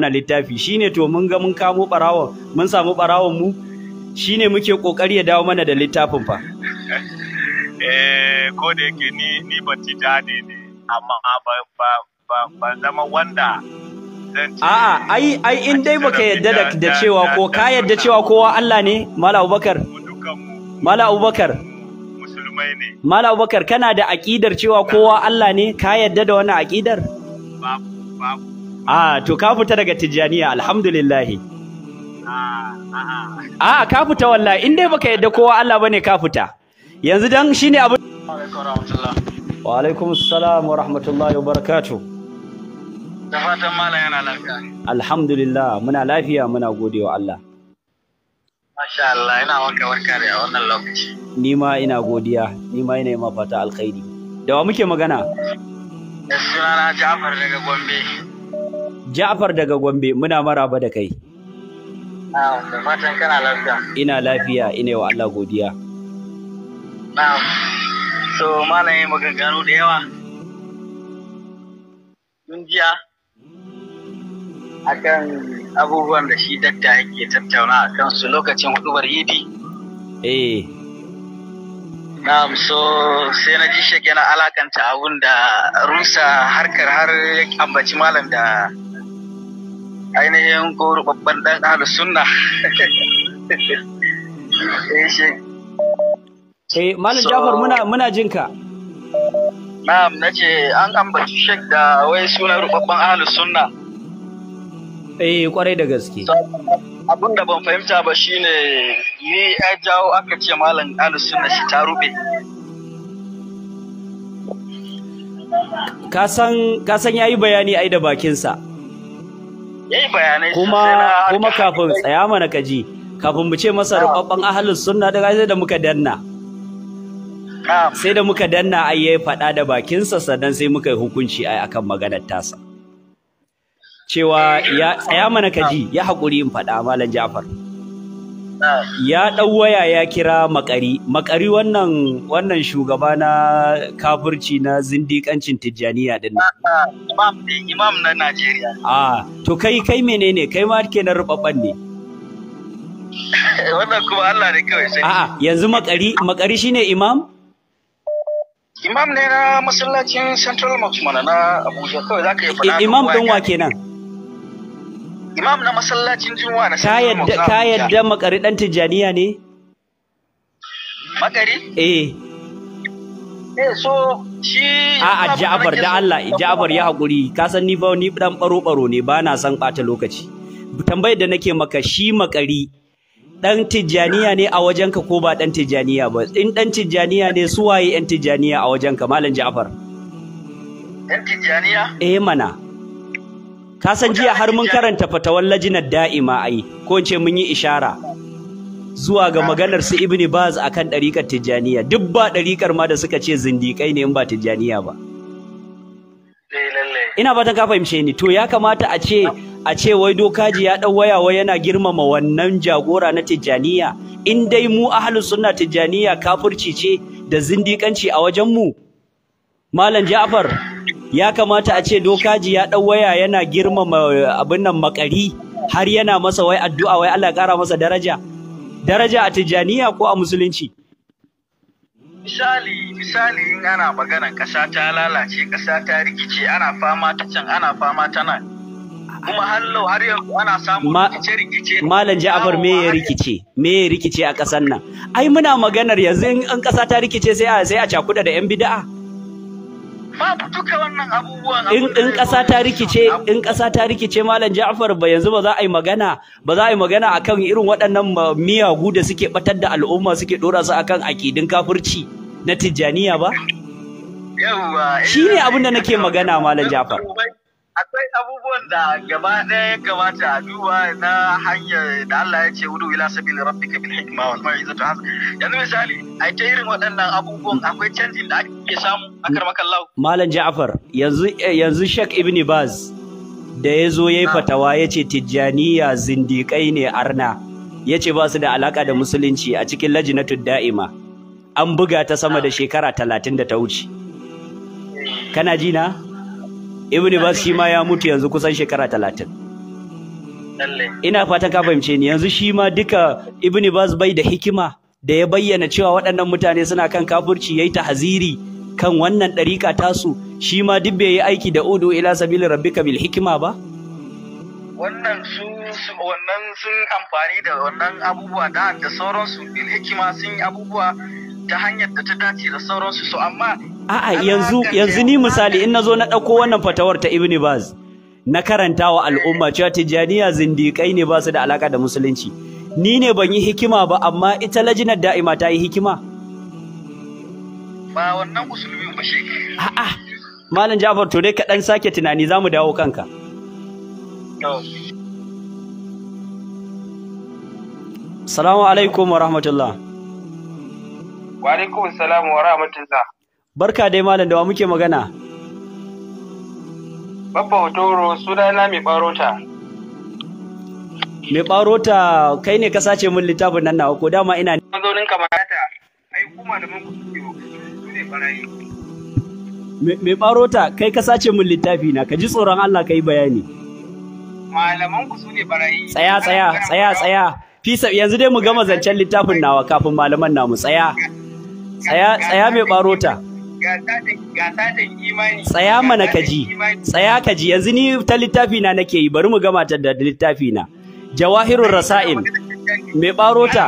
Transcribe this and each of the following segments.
ana littafi shine to mun ga mun kamo barawon mun samu barawon mu shine muke kokari ya dawo mana da littafin fa eh ko da yake ni ni ban ci ne amma ba ba ba zama wanda A'a, ai, ai in dai baka yadda da cewa ko ka yadda cewa kowa Allah ne, Mala Abubakar? Mala Abubakar? Musulmai ne. Mala Abubakar, kana da aqidar cewa kowa Allah ne, ka yadda da wannan aqidar Babu, babu. Ah, to ka fita daga tijjaniya alhamdulillah Ah, ah ka fita wallahi in dai baka yadda kowa Allah bane ka fita yanzu dan shine abu wa alaikum assalam wa rahmatullahi wa barakatuh da fatan malam yana lafiya alhamdulillah muna lafiya muna godewa Allah Masha Allah ina maka barka da wannan lokaci ni ma ina godiya ni ma ina ma fata alkhairi da wa muke magana eh, sunana Ja'far daga Gombe Ja'far daga Gombe muna maraba da kai. da fatan kana lafiya. Ina lafiya ina wa Allah godiya. Na'am. So Malami maganganu da yawa. Mun jiya akan abubuwan da shi dakta yake tattauna a kansu lokacin hudubar yidi. Eh. Na'am so sai na ji shi alakanta abun da rusa harkar har ambaci malam da ainihin ko babban dan ahlu sunna eh, eh malam Jafar muna muna jinka na'am nace an ambaci shek da wai sunan rubabban ahlu sunna eh kwarai da gaske abin da ban fahimta ba shine ni a jawo aka ce malam ahlu sunna shi ta rube ka san ya yi bayani ai da bakinsa kuma kuma kafin tsaya mana kaji kafin mu ce masa ah. rubabban ahlus sunna da sai da muka danna sai da muka danna ai yayi fada da bakinsa sannan sai muka yi hukunci ai akan maganar tasa cewa ya tsaya mana kaji ya hakuri in fada malam Ja'far ya ɗau waya ya kira makari makari wannan wannan shugaba na kafirci na zindikancin tijjaniya din imam ne imam na Najeriya a to kai kai menene kai ma kenan rubabban ne wannan kuma Allah ne kawai sai a'a yanzu makari makari shine imam imam ne na masallacin Central Mosque mana na Abuja kawai zaka yi fada imam don wa kenan imam na masallacin juma'a na sai yadda ka yadda makari dan tijaniya ne makari eh eh so shi a a Ja'far da Allah Ja'far ya hakuri ka san ni ba ni dan baro baro ne ba na san bata lokaci tambayar da nake maka shi makari dan tijaniya ne a wajenka ko ba dan tijaniya ba in dan tijaniya ne su waye yan tijaniya a wajenka malam Ja'far yan tijaniya eh mana ka san jiya har mun karanta fatawar lajinar da'ima ai ko in ce mun yi ishara zuwa ga maganar su ibni baz akan ɗarikar tijjaniya duk ba ɗarikar ma da suka ce zindikai ne in ba tijjaniya ba eh, ina fatan ka fahimce ni to ya kamata a ce a ce wai dokaji ya dan waya wai yana girmama wannan jagora na tijjaniya in dai mu ahlus sunna tijjaniya kafirci ce da zindikanci a wajen mu malam ja'far ya kamata a ce dokaji ya ɗau waya yana girmama eh, abin nan makari har yana masa wai addu'a wai Allah ƙara masa daraja daraja a Tijaniya ko a musulunci misali misali in ana magana ƙasa ta lalace ƙasa ta rikice ana fama ta can ana fama ta nan kuma hallo har yanzu ana samun rikice rikice malam Ja'far me ya rikice me ya rikice a ƙasar nan ai muna maganar yanzu in ƙasa ta rikice sai a sai a cakuda da yan bid'a babu duka wannan abubuwan in in ƙasa ta rikice in kasa ta rikice malam Ja'far ba yanzu ba za a yi magana ba za a yi magana akan irin waɗannan miyagu da suke batar da al'umma suke dora su akan akidin kafirci na Tijaniya ba yawwa eh, shine abin da eh, nake magana malam eh, Ja'far akwai abubuwan da gaba ɗaya ya kamata a duba na hanyar da Allah ya ce wudu ila sabil rabbika bil hikma wal ta hasan yanzu misali a ta irin waɗannan abubuwan akwai canjin da ake samu a lau malam Ja'far yanzu eh, yanzu Sheikh Ibn Baz da ya zo yi fatawa ya ce tijjaniya zindiƙai ne arna ya ce ba su da alaƙa da musulunci a cikin lajinatud da'ima an buga ta sama da shekara talatin da ta wuce kana ji na? Ibnibas bas shi ma ya mutu yanzu kusan shekara talatin ina fatan ka fahimce ni yanzu shi ma duka Ibnibas bas bai da hikima da ya bayyana cewa waɗannan mutane suna kan kafurci yayi haziri kan wannan ɗariƙa tasu shi ma duk bai yi aiki da udu ila sabili rabbika bil hikima ba wannan su wannan sun amfani da wannan abubuwa da da sauransu bil hikima sun yi abubuwa ta hanyar da ta dace da sauransu so amma a'a yanzu yanzu ni misali in nazo na dauko wannan fatawar ta Ibn Baz na karanta wa al'umma cewa tijaniya zindikai ne ba su da alaka da musulunci ni ne ban yi hikima ba amma ita lajinar da'ima ta yi hikima ba wannan musulmi ba shege a'a malam Jafar to dai ka dan sake tunani zamu dawo kanka Salamu alaikum wa rahmatullah. Wa alaikum salam wa rahmatullah. Barka dai malam da wa muke magana. Babba Otoro sunana mai barota. Mai barota kai ne ka sace min littafin nan nawa ko dama ina ne. Mazaunin kamarata ai kuma da mun kuke su ne Mai barota kai ka sace min littafi na ka ji tsoron Allah ka yi bayani. Malaman ku su ne barayi. Tsaya tsaya tsaya tsaya. Fisa yanzu dai mu gama zancen littafin nawa kafin malaman namu tsaya. Tsaya tsaya mai barota. tsaya mana kaji tsaya kaji yanzu ni ta littafi na nake yi bari mu gama ta da littafi na jawahirur rasail me ta?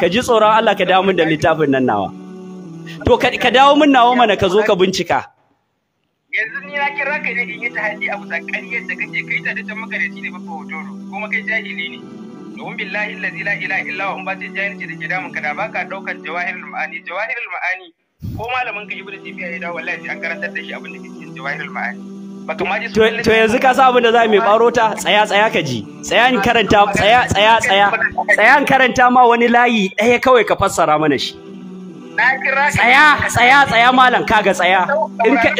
ka ji tsoron Allah ka dawo min da littafin nan nawa to ka dawo min nawa mana ka zo ka bincika yanzu ni na kira ka ne in yi ta a abu tsakaniyar da kake kai ta da maka da shi ne ba ko hotoro kuma kai jahili ne domin billahi allazi la ilaha illa huwa ba sai jahilci da ke damun ka da ka ɗaukar jawahirul ma'ani jawahirul ma'ani ko malamin ka ibnu taymiya ya dawo wallahi an karantar da shi abin da ke cikin jawahirul ma'ani baka ma ji to yanzu ka sa abin da za mu yi baro ta tsaya tsaya ka ji tsaya in karanta tsaya tsaya tsaya tsaya in karanta ma wani layi ɗaya kawai ka fassara mana shi tsaya tsaya tsaya malam kaga tsaya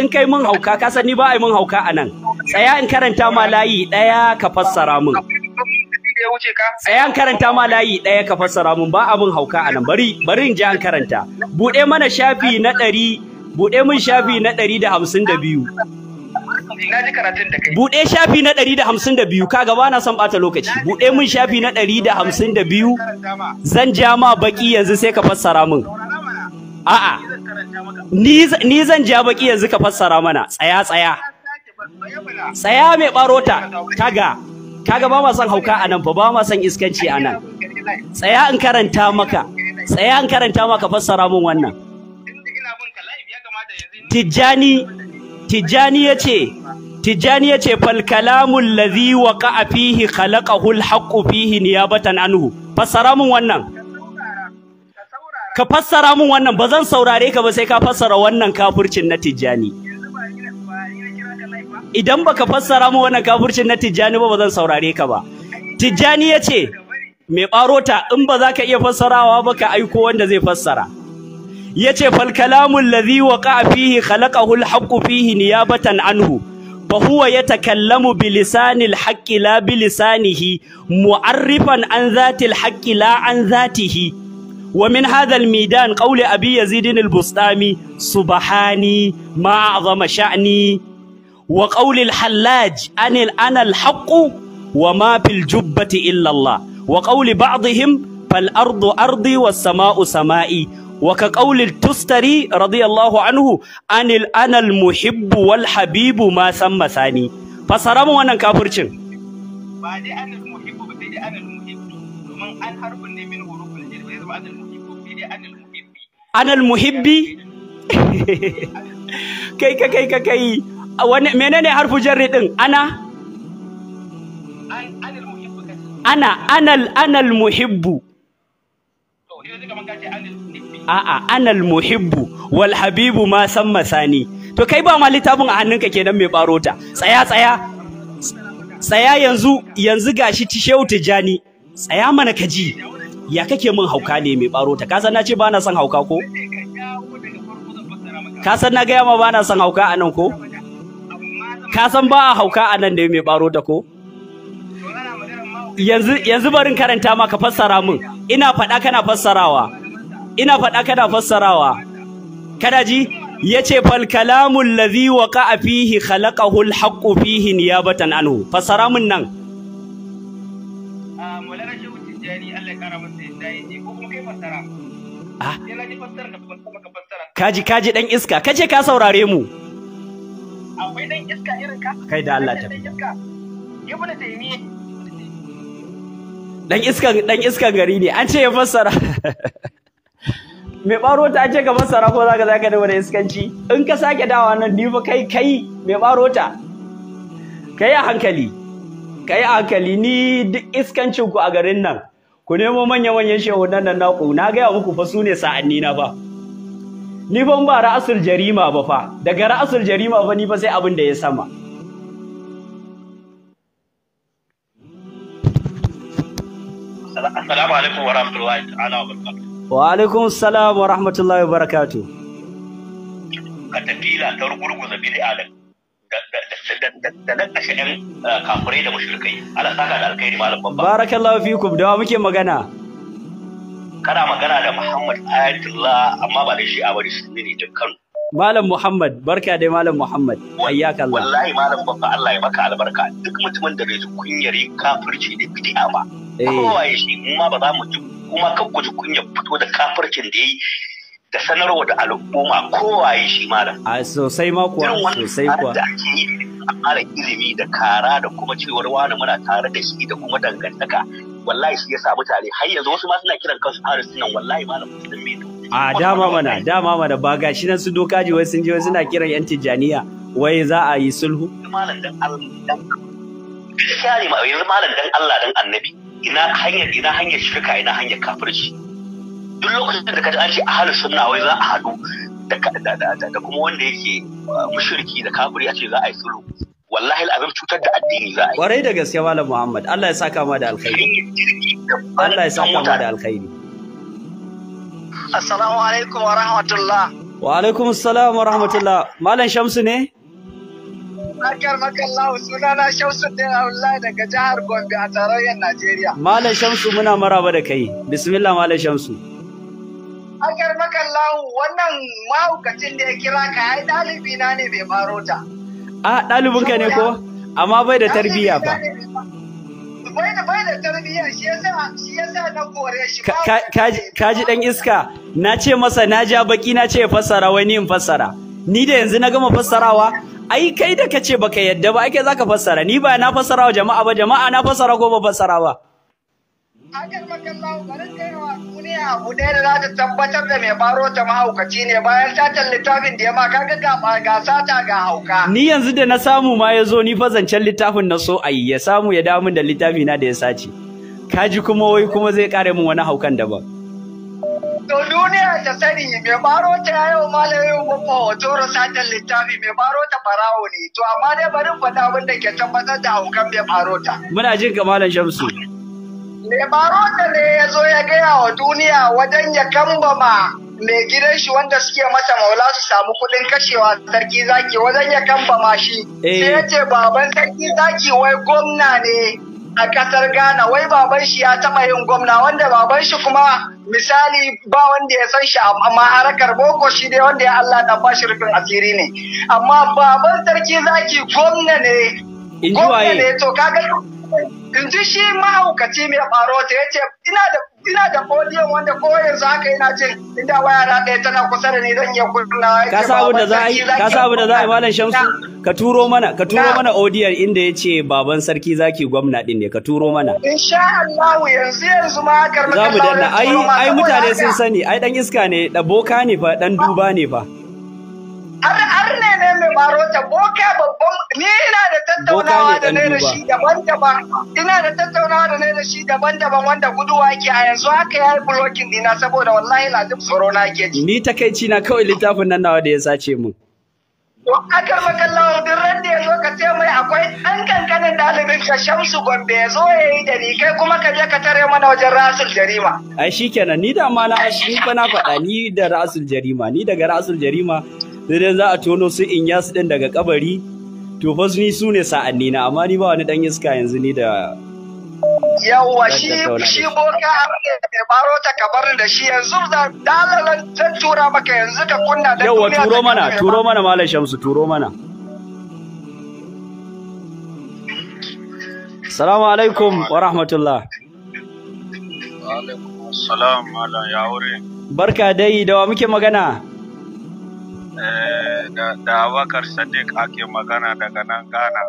in kai mun hauka ka sani ba ai mun hauka anan tsaya in karanta ma layi ɗaya ka fassara mun ya wuce ka A yan karanta ma layi ɗaya ka fassara mun ba abun hauka nan bari bari in ji an karanta buɗe mana shafi na ɗari buɗe mun shafi na ɗari da hamsin da biyu Buɗe shafi na ɗari da hamsin da biyu, kaga ba na son ɓata lokaci. Buɗe mun shafi na ɗari da hamsin da biyu, zan ja ma baƙi yanzu sai ka fassara min. A'a, ni zan ja baƙi yanzu ka fassara mana, tsaya tsaya. Tsaya mai ɓarota, kaga. kaga ba ma son hauka a nan fa ba ma son iskanci a nan tsaya in karanta maka tsaya in karanta maka fassara mun wannan tijjani tijani yace tijani yace fal kalamul ladhi waqa'a fihi khalaqahu al-haqqu fihi niyabatan anhu fassara mun wannan ka fassara mun wannan ba zan saurare ka ba sai ka fassara wannan kafircin na tijjani idan baka fassara mu wannan kafircin na Tijjani ba bazan saurare ka ba Tijjani yace mai barota in ba za ka iya fassarawa ba ka aiko wanda zai fassara yace fal kalamul ladhi waqa fihi khalaqahu al haqq fihi niyabatan anhu fa huwa yatakallamu bi lisanil haqq la bi lisanihi mu'arrifan an dhatil haqq la an dhatihi al midan qawli abi yazid al bustami subhani ma azama shani. wa qaulil hallaj anil anal alhaqu wa ma fil jubbati illallah Allah wa qauli ba'dihim fal ardu ardi wa sama'u sama'i wa ka qaulil tustari radiyallahu anhu anil ana almuhibbu wal habibu ma samma sani fasara mu wannan kafurcin. ba dai anil muhibbu ba dai anil muhibbu domin an harfin ne min huruful jar zama anil muhibbu bi anil muhibbi anil muhibbi kai kai kai kai wani menene harfu jarri din ana ana anal anal muhibbu a'a anal muhibbu wal habibu ma san masani to kai ba ma littafin a hannunka kenan mai ta tsaya tsaya tsaya yanzu yanzu gashi tishewu tijani tsaya mana kaji ya kake min hauka ne mai barota ka san na ce ba na son hauka ko ka san na gaya ma ba na son hauka a nan ko ka san ba a hauka a nan da mai baro da ko yanzu yanzu barin karanta ma ka fassara min ina faɗa kana fassarawa ina faɗa kana fassarawa kada ji yace fal kalamul ladhi waqa'a fihi khalaqahu al haqqu fihi niyabatan anhu fassara min nan Kaji kaji dan iska kace ka saurare mu akwai dan iska irin ka kai da Allah tafi ibnu taymiya dan iskan dan gari ne an ce ya fassara mai baro ta ce ka fassara ko zaka zaka da wani iskanci in ka sake dawa nan ni fa kai kai mai baro ta kai a hankali kai a hankali ni duk iskancin ku a garin nan ku nemo manya manyan shehunan nan naku na ga muku fa su ne sa'anni na ba ni ban ba ra'asul jarima ba fa daga ra'asul jarima ba ni ba sai abin da ya sama Assalamu alaikum wa rahmatullahi ta'ala wa barakatuh. Wa alaikum assalam wa rahmatullahi wa barakatuh. ta rugurguza bid'a da da da da da da da eh, da da da da da da da da da da da muke magana. kana magana da Muhammad Ayatullah amma ba da shi a bari su ne dukkan Malam Muhammad barka dai Malam Muhammad ayyaka Allah wallahi malam babba Allah ya maka albarka duk mutumin da bai ji kunyar kafirci da bid'a ba eh. kowa ya shi mu ma ba za mu ji kuma kan ku ji kunyar fito da kafircin da yayi da sanarwa da al'umma kowa ya shi malam a sosai ma kuwa sosai kuwa ƙara ilimi da kara da kuma cewar wani muna tare da shi da kuma dangantaka wallahi shi yasa mutane har yanzu wasu ma suna kiran kansu Paris nan wallahi malam musulmi ne. a dama mana dama mana ba ga shi nan su dokaji wai sun je wai suna kiran yan tijaniya wai za a yi sulhu malam dan Allah dan gaskiya ma yanzu malam dan Allah dan annabi ina hanyar ina hanyar shirka ina hanyar kafirci duk lokacin da ka ji an ce ahlus sunna wai za a haɗu da kuma wanda yake uh, mushriki da kafiri a ce za a yi sulhu wallahi abin cutar da addini za a yi kwarai da gaske malam muhammad Allah ya saka ma da alkhairi Allah ya saka ma da alkhairi assalamu alaikum wa rahmatullah wa alaikum assalam wa rahmatullah malam shamsu ne Barkar makallahu sunana Shamsuddin Abdullahi daga jihar Gombe a tarayyar Najeriya. Malam Shamsu muna maraba da kai. Bismillah Malam Shamsu. Barkar makallahu wannan mahaukacin da ya kira ka yi ɗalibi na ne bai baro ta. a ɗalibinka ne ko amma bai da tarbiyya ba Ka ji dan iska na ce masa na ja baki na ce fassara wai ni in fassara ni da yanzu na gama fassarawa ai kai da kace baka yadda ba ake zaka fassara ni ba na fassara wa jama'a ba jama'a na fassara ko ba fassara ba Akan makallahu barin wa duniya abu ɗaya da za ta tabbatar da mai baro ta mahaukaci ne bayan satan littafin da ya ma kaga ga ga sata ga hauka. Ni yanzu da na samu ma ya zo ni fa zancen littafin na so ayi ya samu ya damun da littafi na da ya sace. Kaji kuma wai kuma zai kare min wani haukan daban. to duniya ta sani mai baro ta yayo malamin gwamfa hoto rasatar littafi mai baro ta barawo ne to amma dai bari faɗa abin da ke tabbatar da hukan mai baro ta. Muna jin kamalan Shamsu. mai barota ne ya zo ya gaya wa duniya wajen ya kambama mai gidan shi wanda suke masa maula su samu kuɗin kashewa sarki zaki wajen ya kambama shi eh. sai ya ce baban sarki zaki wai gwamna ne a kasar Ghana wai baban shi ya taɓa yin gwamna wanda baban shi kuma misali ba wanda ya san shi amma harakar boko shi dai wanda ya Allah dan bashi rufin asiri ne amma baban sarki zaki gwamna ne in ji waye ne to kaga in ji shi mahaukaci mai faro ta yace ina da ina da audio wanda ko yanzu haka ina jin inda waya na ɗaya tana kusa da ni zan iya kunna ka sa da za a yi ka sa da za a yi malam Shamsu ka turo mana ka turo mana audio inda ya ce baban sarki zaki gwamna din ne ka turo mana insha Allah yanzu yanzu ma kar maka za mu danna ai ai mutane sun sani ai dan iska ne da boka ne fa dan duba ne fa har baro boka babban ni ina da tattaunawa da ne da shi daban-daban ina da tattaunawa da ne da shi daban-daban wanda guduwa ke a yanzu haka ya yi blocking dina saboda wallahi duk tsoro na ke ji ni takaici na kawai littafin nan nawa da ya sace mun aka makallawa duk ran da ya ka ce mai akwai ɗan kankanin ɗalibin ka shamsu gombe ya zo da ni kai kuma ka je ka tare mana wajen rasul jarima ai shikenan ni da ma na ni fa na faɗa ni da rasul jarima ni daga rasul jarima sai dai za a tono su in su din daga kabari to fa ni su ne sa'anni na amma ni ba wani dan iska yanzu ni da yawwa shi shi boka mai baro ta kabarin da shi yanzu da dalalan zan tura maka yanzu ka kunna da yawwa turo mana turo mana malam shamsu turo mana Salamu alaikum wa rahmatullah. Wa alaikum malam ya Barka dai da wa muke magana? Eh, da Abubakar Sadiq ake magana daga nan Ghana.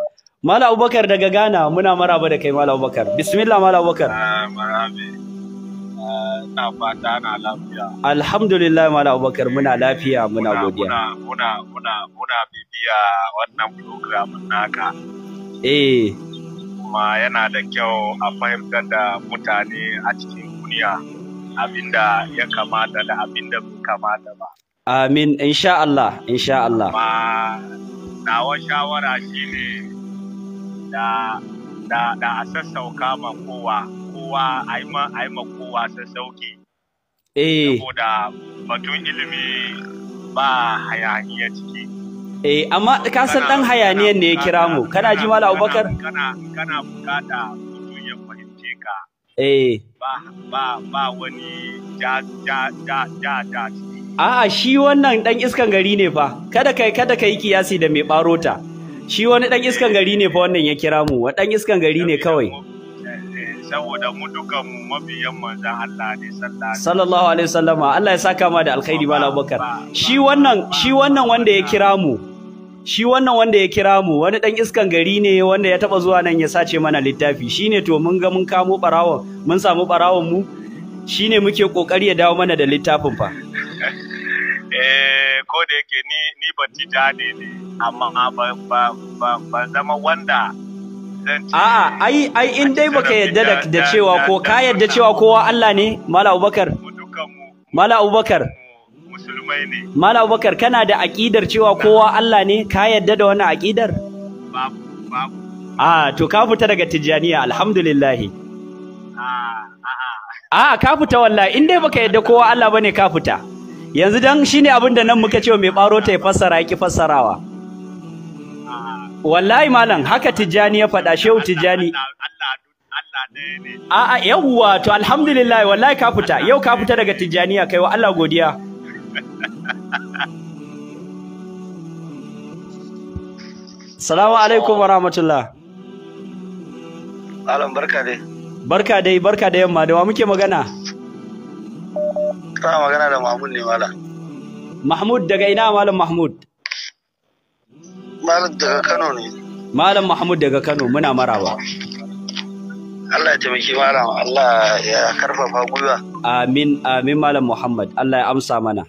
Mala Abubakar daga Ghana muna maraba da kai Mala Abubakar. Bismillah Mala Abubakar. Eh, Marabe. Eh, ina fata na lafiya. Alhamdulillah Mala Abubakar muna lafiya muna godiya. Muna muna muna bibiya wannan program naka. Eh. Kuma yana da kyau a fahimtar da mutane a cikin duniya abinda ya kamata da abinda bai kamata ba. Amin, insha Allah, insha Allah. Ma nawa shawara shi ne da da da a sassauka ma kowa, kowa a ma kowa sassauki. Eh. Saboda batun ilimi ba hayaniya ciki. Eh, amma ka san ne ya kira mu. Kana ji Malam Abubakar? Kana kana bukata mutum ya fahimce ka. Eh. Ba ba wani ja a'a shi wannan ɗan iskan gari ne fa kada kai kada kai kiyasi da mai ɓarota. shi wani ɗan iskan gari ne fa wannan ya kira mu wa iskan gari ne kawai saboda mu duka mu mabiyan manzon Allah ne sallallahu alaihi sallama. Allah ya saka ma da alkhairi ba Abubakar shi wannan shi wannan wanda ya kira mu shi wannan wanda ya kira mu wani ɗan iskan gari ne wanda ya taɓa zuwa nan ya sace mana littafi Shi ne to mun ga mun kamo ɓarawon mun samu ɓarawon mu ne muke ƙoƙari ya dawo mana da littafin fa Eh, ko da yake ni ni batti dade ne amma ba ba ba, ba zama wanda A'a, ai ai in dai baka yadda da cewa ko ka yadda cewa kowa Allah ne, Mala Abubakar. Mala Abubakar. Musulmai ne. Mala Abubakar kana da aƙidar cewa kowa Allah ne, ka yadda da wannan aƙidar? Babu, babu. A to ka fita daga Tijjaniya, alhamdulillah. Ah, a a ka fita wallahi, in dai baka yadda kowa Allah bane ka fita. yanzu dan ne abin da nan muka ce mai baro ta ya fassara ya ki fassarawa wallahi malam haka tijjani ya faɗa shehu tijjani a'a yawwa to alhamdulillah wallahi ka fita yau ka fita daga tijjaniya kai wa Allah godiya Salamu alaikum wa rahmatullah Alam barka dai Barka dai barka da yamma da wa muke magana Kana magana da Mahmud ne mala. Mahmud daga ina malam Mahmud? Malam daga Kano ne. Malam Mahmud daga Kano muna marawa. Allah ya taimaki malam Allah ya karfafa gwiwa. Amin amin malam Muhammad Allah ya amsa mana.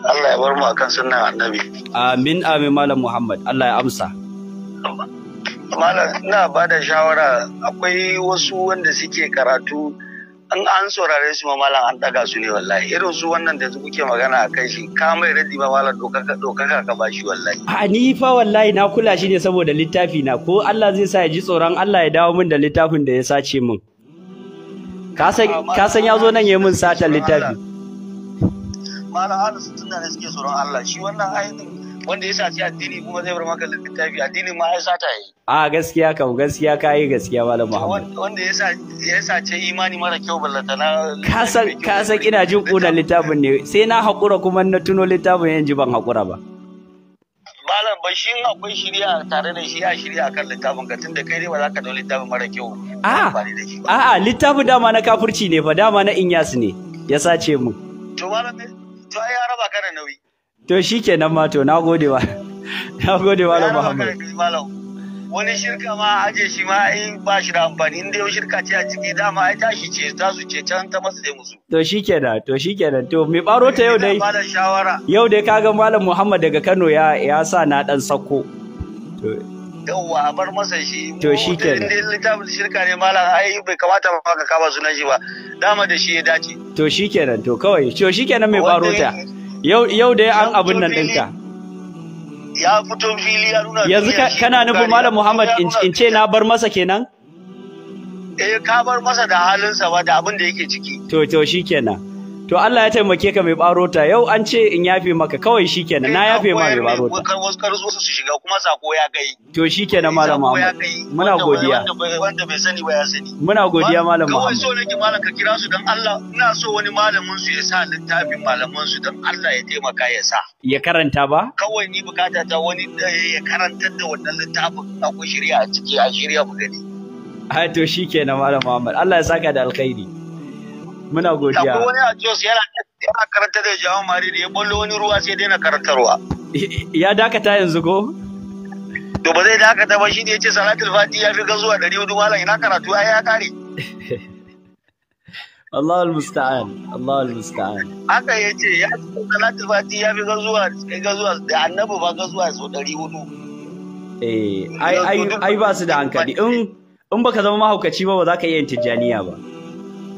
Allah ya bar mu akan sunnan annabi. Amin amin malam Muhammad Allah ya amsa. Malam ina ba da shawara akwai wasu wanda suke karatu in an saurare su ma malam an daga su ne wallahi irin su wannan da kuke magana a kai shi ka mai raddi ma malam dokaka dokaka ka bashi wallahi a ni fa wallahi na kula shi ne saboda littafi na ko Allah zai sa ya ji tsoron Allah ya dawo min da littafin da ya sace min ka san ka san ya zo nan ya min sata littafi malam su tunda ne suke tsoron Allah shi wannan ayatin wanda ya saci addini kuma zai bar maka littafi addini ma ya sata yi a gaskiya kam gaskiya ka yi gaskiya malam muhammad wanda ya sace imani mara kyau ballata na Ka san ina jin kuna littafin ne sai na haƙura kuma na tuno littafin yanzu ban haƙura ba malam bashin akwai shirya tare da shi ya shirya kan littafin ka tunda kai ne ba za ka dau littafin mara kyau a'a A'a, littafin dama na kafurci ne fa dama na inyas ne ya sace mu to malam to ai ya raba ka da nauyi To shi kenan ma to na gode wa. Na gode wa Muhammad. Wani shirka ma aje shi ma in ba shi da amfani inda dai shirka ce a ciki dama ai tashi ce za su ce can ta masu sai musu. To shi kenan to shi kenan to mai baro ta yau dai. Yau dai ka ga Malam Muhammad daga Kano ya ya sa na dan sako. To yauwa a bar masa shi to shi ke inda littafin shirka ne malam ai bai kamata ba ka kama sunan shi ba dama da shi ya dace to shi kenan to kawai to shi kenan mai baro ta. yau da ya an abin nan ɗinka ya fito fili ya nuna yanzu kana nufin malam muhammad in ce na bar masa kenan eh ka bar masa da halinsa ba da abin da yake ciki to to shikenan to Allah ya taimake ka mai barota yau an ce in yafe maka kawai shikenan na yafe ma mai barota kar zuwa su shiga kuma sako ya gai. to shikenan malam Muhammad muna godiya wanda bai sani ba ya sani muna godiya malam Muhammad kawai so nake malam ka kira su dan Allah ina so wani malamin su ya sa littafin malaman su dan Allah ya taimaka ya sa ya karanta ba kawai ni bukata ta wani eh, ya karantar da wannan littafin akwai shirya a ciki a shirya mu gani ha to shikenan malam Muhammad Allah ya saka da alkhairi muna godiya akwai wani a Jos yana yana karanta da jawo mari da ya bollo wani ruwa sai daina karantarwa ya dakata yanzu ko to ba zai dakata ba shi ne yace salatul fati ya fi gazuwa hudu, malam ina karatu ai ya kare Allah mustaan Allah mustaan haka yace ya ce salatul fati ya fi gazuwa gazuwa da annabi ba gazuwa so hudu. eh ai ai ba su da hankali in in baka zama mahaukaci ba ba za ka iya yin tijjaniya ba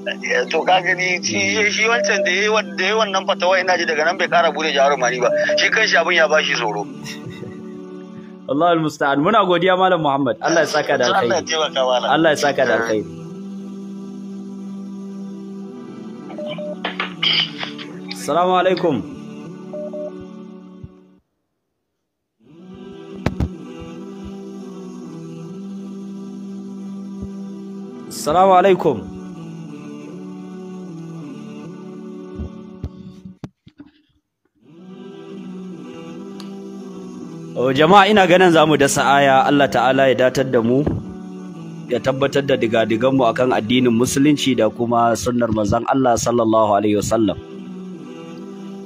Eh, to ka gani shi wancan da ya yi wannan fatawa ina ji daga nan bai kara bude jarumani ba shi kan shi abin ya bashi tsoro Allah musta'an muna godiya malam Muhammad Allah ya saka da alkhairi Allah ya saka da alkhairi Assalamu alaikum Assalamu alaikum Oh, jama'a ina ganin za mu dasa aya Allah ta'ala ya datar da mu ya tabbatar da digadiganmu akan addinin musulunci da kuma sunnar manzon Allah sallallahu alaihi wasallam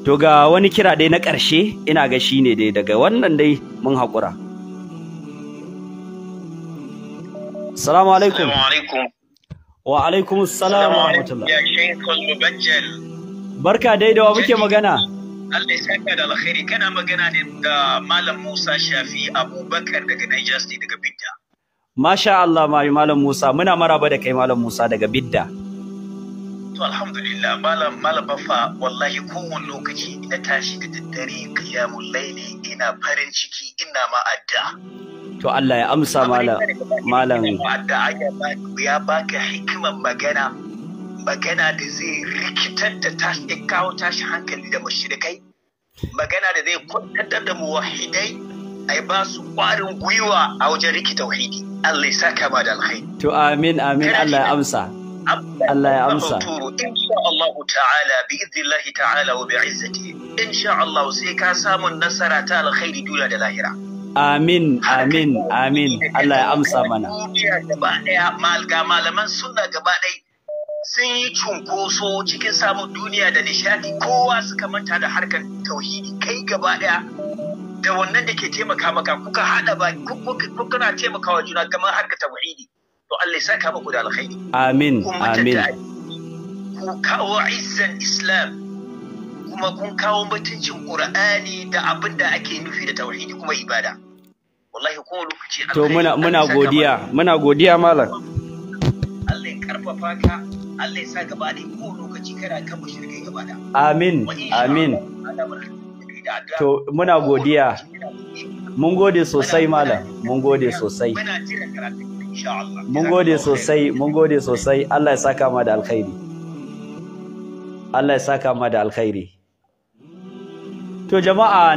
to ga wani kira dai na ƙarshe ina ga shine dai daga wannan dai mun haƙura Assalamu alaikum wa alaikum assalam wa barka dai da wa muke magana Allah ya saka da alkhairi kana magana ne da Malam Musa Shafi Abubakar daga Niger State daga Bidda. Masha Allah mai Malam Musa muna maraba da kai Malam Musa daga Bidda. To alhamdulillah Malam Malam Baffa wallahi kowane lokaci ina tashi da daddare kiyamul laili ina farin ciki ina ma adda. To Allah ya amsa Malam Malam. ya baka hikimar magana magana da zai rikitar da tashi kawo tashi hankali da mashirikai magana da zai kwantar da muwahidai a ba su ƙwarin gwiwa a wajen rikita wahidi Allah ya saka ba da alhaini to amin amin Allah ya amsa Allah ya amsa insha Allah ta'ala bi idnillahi ta'ala wa bi izzati insha Allah sai ka samu nasara ta alkhairi da lahira Amin, amin, amin. Allah ya amsa mana. Duniya gaba malaman sunna gaba ɗaya sun yi cunkoso cikin samun duniya da nishadi kowa suka manta da harkar tauhidi kai gaba daya da wannan da ke taimaka maka kuka hada ba kuna taimaka wa juna gama harkar tauhidi to Allah ya saka muku da alkhairi amin amin ku kawo izzan islam kuma kun kawo mutuncin qur'ani da abin da ake nufi da tauhidi kuma ibada wallahi ko lokaci to muna muna godiya muna godiya malam Allah ya karfafa ka Allah ya sa gaba da lokaci kana kan mushrikai gaba da amin amin to muna godiya mun gode sosai malam mun gode sosai mun gode sosai mun gode sosai Allah ya saka ma da alkhairi Allah ya saka ma da alkhairi to jama'a